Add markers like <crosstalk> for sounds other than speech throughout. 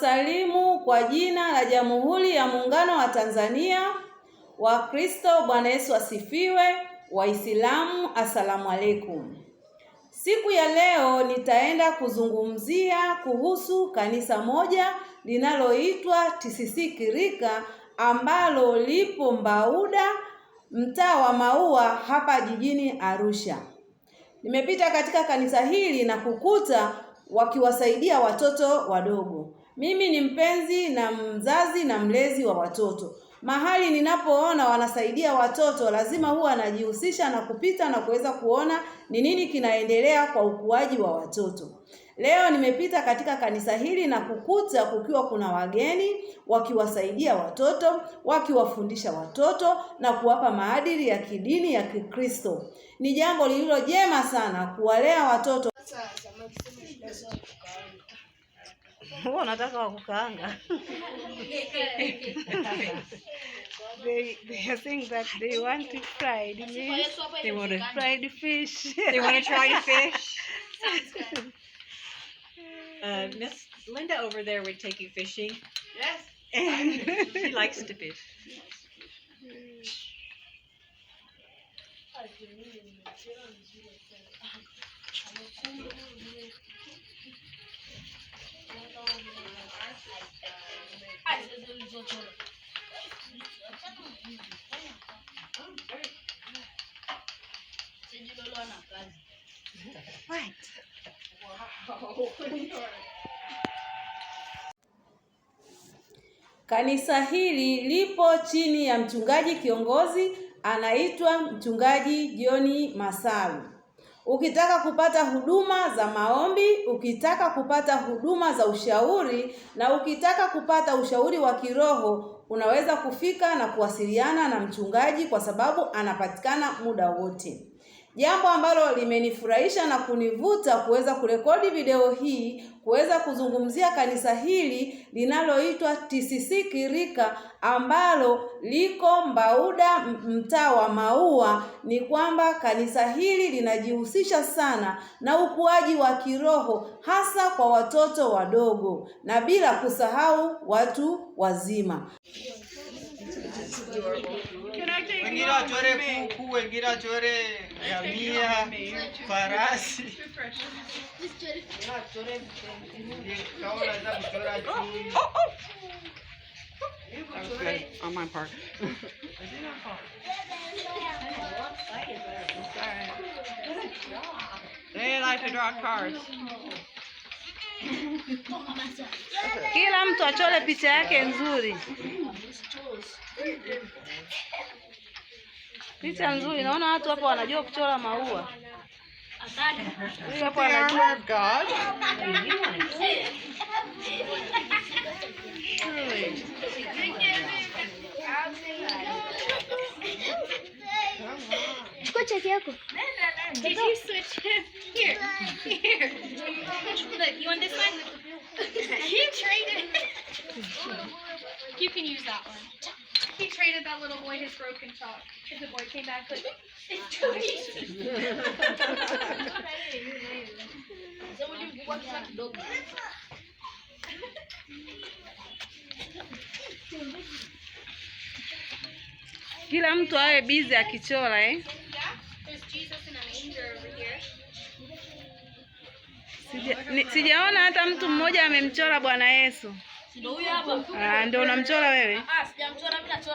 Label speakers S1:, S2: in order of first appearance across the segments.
S1: nawasalimu kwa jina la Jamhuri ya Muungano wa Tanzania. Wakristo, Bwana Yesu asifiwe. Waislamu, asalamu alaikum. Siku ya leo nitaenda kuzungumzia kuhusu kanisa moja linaloitwa TCC Kirika ambalo lipo Mbauda mtaa wa Maua hapa jijini Arusha. Nimepita katika kanisa hili na kukuta wakiwasaidia watoto wadogo. Mimi ni mpenzi na mzazi na mlezi wa watoto. Mahali ninapoona wanasaidia watoto, lazima huwa najihusisha na kupita na kuweza kuona ni nini kinaendelea kwa ukuaji wa watoto. Leo nimepita katika kanisa hili na kukuta kukiwa kuna wageni wakiwasaidia watoto, wakiwafundisha watoto na kuwapa maadili ya kidini ya Kikristo. Ni jambo lililo jema sana kuwalea watoto.
S2: huwa nataka wakukaanga they, they are saying that they want it fried meat
S3: they want to try the fish they want to try <laughs> fish uh, miss linda over there would take you fishing yes and <laughs> she likes to fish
S1: Kanisa hili lipo chini ya mchungaji kiongozi anaitwa Mchungaji John Masalu. Ukitaka kupata huduma za maombi, ukitaka kupata huduma za ushauri na ukitaka kupata ushauri wa kiroho, unaweza kufika na kuwasiliana na mchungaji kwa sababu anapatikana muda wote jambo ambalo limenifurahisha na kunivuta kuweza kurekodi video hii kuweza kuzungumzia kanisa hili linaloitwa TCC Kirika ambalo liko Mbauda mtaa wa Maua. Ni kwamba kanisa hili linajihusisha sana na ukuaji wa kiroho hasa kwa watoto wadogo na bila kusahau watu wazima
S4: wengine wachore kuku, wengine wachore farasi on my part. they like to draw cars.
S2: Kila mtu achole picha yake nzuri. Picha nzuri, naona watu hapo wanajua kuchora maua. Chukua cheki yako. You can use that one. he traded that little boy his broken chalk. And the boy came back like, it's Tony. so when you walk like a dog. Kila mtu awe busy akichora eh? Sijaona hata mtu mmoja amemchora Bwana Yesu. Ah, ndio unamchora wewe? Ah, sijamchora tu.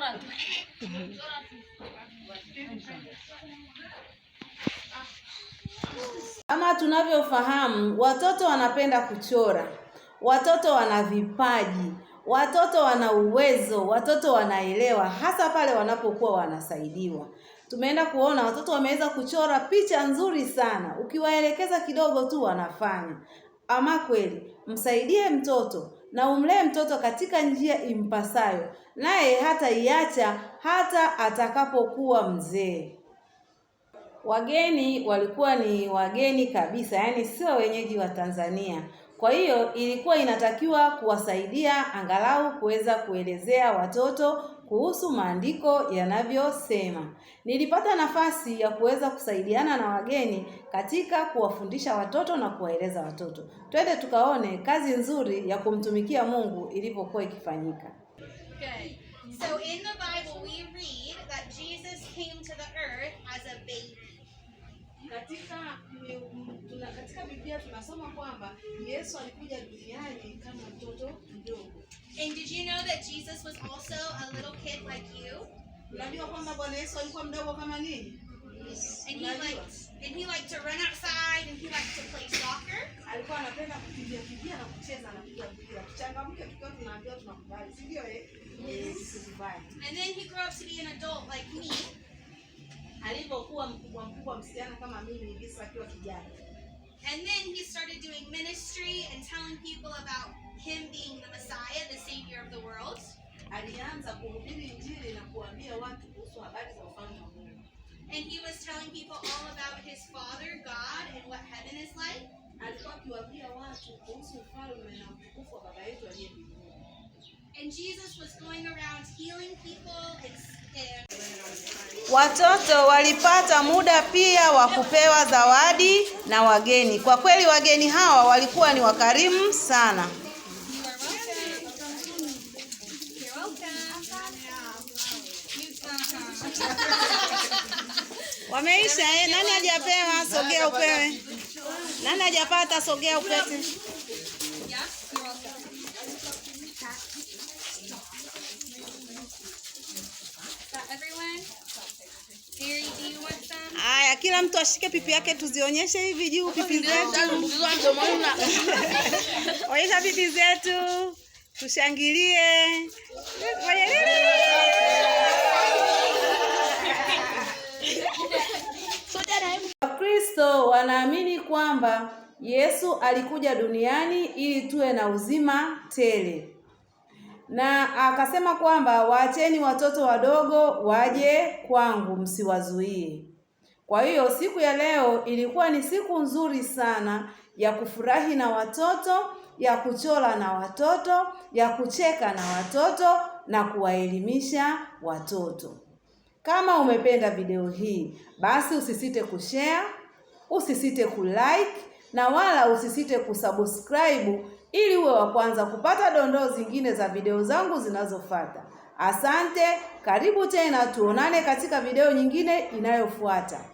S2: Kama tunavyofahamu, watoto wanapenda kuchora, watoto wana vipaji, watoto wana uwezo, watoto wanaelewa, hasa pale wanapokuwa wanasaidiwa. Tumeenda kuona watoto wameweza kuchora picha nzuri sana, ukiwaelekeza kidogo tu wanafanya. Ama kweli, msaidie mtoto na umlee mtoto katika njia impasayo, naye hata iacha hata atakapokuwa mzee. Wageni walikuwa ni wageni kabisa, yaani sio wenyeji wa Tanzania. Kwa hiyo ilikuwa inatakiwa kuwasaidia angalau kuweza kuelezea watoto kuhusu maandiko yanavyosema. Nilipata nafasi ya kuweza kusaidiana na wageni katika kuwafundisha watoto na kuwaeleza watoto. Twende tukaone kazi nzuri ya kumtumikia Mungu ilivyokuwa ikifanyika. Okay. So Katika tuna katika Biblia tunasoma kwamba Yesu alikuja duniani kama mtoto mdogo. And did you know that Jesus was also a little kid like you? Unajua kwamba Bwana Yesu alikuwa mdogo kama nini? And he liked, and he liked to run outside and he liked to play soccer. Alikuwa anapenda kukimbia kimbia na kucheza na kupiga mpira. Kuchangamke tukiwa tunaambiwa tunakubali, si ndio eh? And then he grew up to be an adult like me. Alipokuwa mkubwa mkubwa msichana kama mimi, Lisa akiwa kijana. And then he started doing ministry and telling people about him being the Messiah, the Savior of the world. And he was telling people all about his Father, God, and what heaven is like. And Jesus was going around healing people and Watoto walipata muda pia wa kupewa zawadi na wageni. Kwa kweli wageni hawa walikuwa ni wakarimu sana. Wameisha eh? Nani hajapewa? Sogea upewe. Nani hajapata? Sogea upewe. Haya, kila mtu ashike pipi yake tuzionyeshe hivi juu pipi zetu. <laughs> Onyesha pipi zetu. Tushangilie. Wakristo wanaamini kwamba Yesu alikuja duniani ili tuwe na uzima tele na akasema kwamba waacheni watoto wadogo waje kwangu, msiwazuie. Kwa hiyo siku ya leo ilikuwa ni siku nzuri sana ya kufurahi na watoto, ya kuchora na watoto, ya kucheka na watoto na kuwaelimisha watoto. Kama umependa video hii, basi usisite kushare, usisite kulike na wala usisite kusubscribe ili uwe wa kwanza kupata dondoo zingine za video zangu zinazofuata. Asante, karibu tena, tuonane katika video nyingine inayofuata.